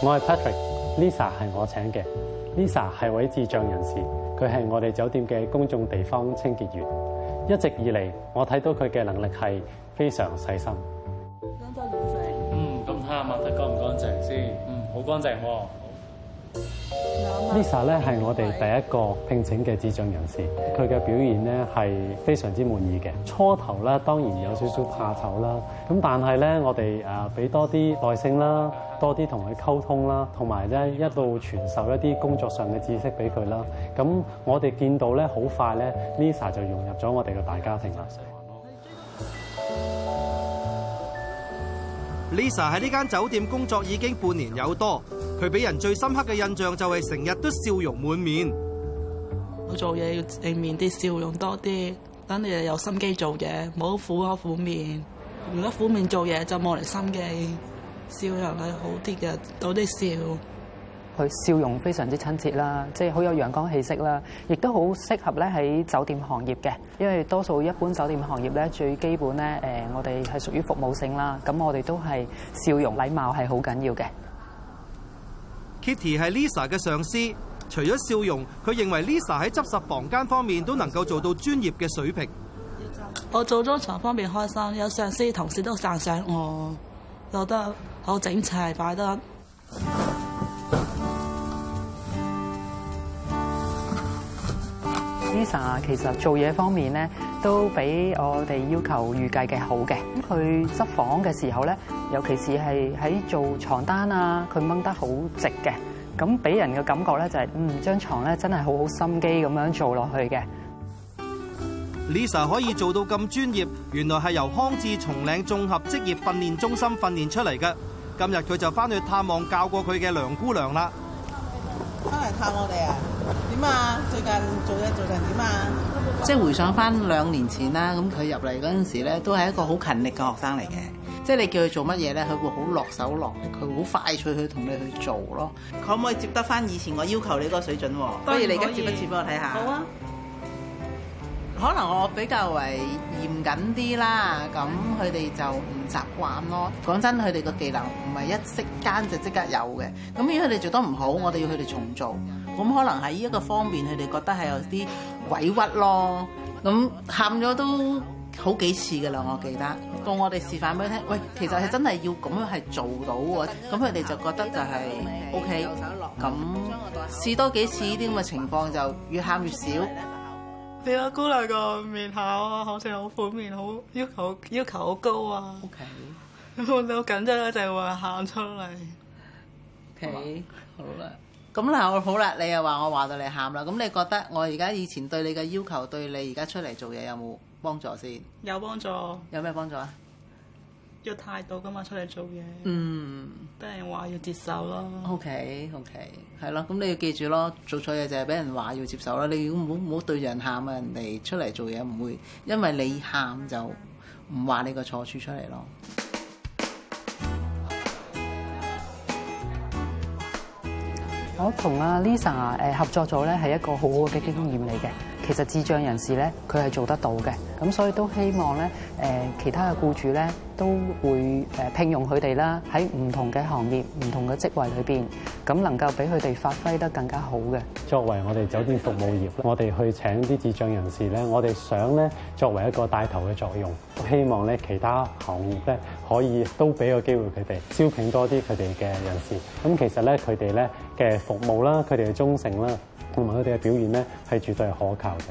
我係 Patrick，Lisa 係我請嘅，Lisa 係位智障人士，佢係我哋酒店嘅公眾地方清潔員，一直以嚟我睇到佢嘅能力係非常細心。咁就乾淨。嗯，咁睇下抹得乾唔乾淨先。嗯，好乾淨。Lisa 咧係我哋第一個聘請嘅智障人士，佢嘅表現咧係非常之滿意嘅。初頭咧當然有少少怕醜啦，咁但係咧我哋誒俾多啲耐性啦，多啲同佢溝通啦，同埋咧一路傳授一啲工作上嘅知識俾佢啦。咁我哋見到咧好快咧，Lisa 就融入咗我哋嘅大家庭啦。Lisa 喺呢間酒店工作已經半年有多。佢俾人最深刻嘅印象就係成日都笑容滿面。我做嘢要正面啲笑容多啲，等你係有心機做嘢，冇苦口苦面。如果苦面做嘢就冇嚟心機，笑容係好啲嘅，多啲笑。佢笑容非常之親切啦，即係好有陽光氣息啦，亦都好適合咧喺酒店行業嘅，因為多數一般酒店行業咧最基本咧誒，我哋係屬於服務性啦，咁我哋都係笑，笑，笑容禮貌係好緊要嘅。Kitty 係 Lisa 嘅上司，除咗笑容，佢認為 Lisa 喺執拾房間方面都能夠做到專業嘅水平。我做咗房方面開心，有上司同事都讚賞我，覺得好整齊，擺得。Lisa 其實做嘢方面咧，都比我哋要求預計嘅好嘅。咁佢執房嘅時候咧，尤其是係喺做床單啊，佢掹得好直嘅。咁俾人嘅感覺咧就係、是，嗯，張床咧真係好好心機咁樣做落去嘅。Lisa 可以做到咁專業，原來係由匡智松嶺綜合職業訓練中心訓練出嚟嘅。今日佢就翻去探望教過佢嘅梁姑娘啦。翻嚟探我哋啊？點啊？最近做嘢做成點啊？即係、就是、回想翻兩年前啦，咁佢入嚟嗰陣時咧，都係一個好勤力嘅學生嚟嘅。即、就、係、是、你叫佢做乜嘢咧，佢會好落手落力，佢好快脆去同你去做咯。可唔可以接得翻以前我要求你嗰個水準喎？不如你而家接一次畀我睇下。好啊。可能我比較為嚴謹啲啦，咁佢哋就唔習慣咯。講真，佢哋個技能唔係一息間就即刻有嘅。咁如果佢哋做得唔好，我哋要佢哋重做。咁可能喺呢一個方面，佢哋覺得係有啲委屈咯。咁喊咗都好幾次㗎啦，我記得。到我哋示範俾佢聽，喂，其實係真係要咁樣係做到喎。咁佢哋就覺得就係 OK。咁試多幾次呢啲咁嘅情況，就越喊越少。你阿姑娘個面口啊，好似好粉面，好要求要求好高啊。O K，你我到緊張嗰陣話喊出嚟。O、okay, K，、okay. 好啦，咁嗱好啦，你又話我話到你喊啦。咁你覺得我而家以前對你嘅要求，對你而家出嚟做嘢有冇幫助先？有幫助。有咩幫助啊？要態度噶嘛，出嚟做嘢。嗯，俾人話要接受咯。O K O K，係咯，咁你要記住咯，做錯嘢就係俾人話要接受啦。你如果唔好唔好對人喊啊，人哋出嚟做嘢唔會，因為你喊就唔話你個錯處出嚟咯。我同阿 Lisa 誒合作咗咧，係一個好好嘅經驗嚟嘅。其實智障人士咧，佢係做得到嘅，咁所以都希望咧，誒、呃、其他嘅僱主咧都會誒聘用佢哋啦，喺唔同嘅行業、唔同嘅職位裏邊，咁能夠俾佢哋發揮得更加好嘅。作為我哋酒店服務業，我哋去請啲智障人士咧，我哋想咧作為一個帶頭嘅作用，希望咧其他行業咧可以都俾個機會佢哋，招聘多啲佢哋嘅人士。咁其實咧佢哋咧嘅服務啦，佢哋嘅忠誠啦。同埋佢哋嘅表現咧，係絕對係可靠嘅。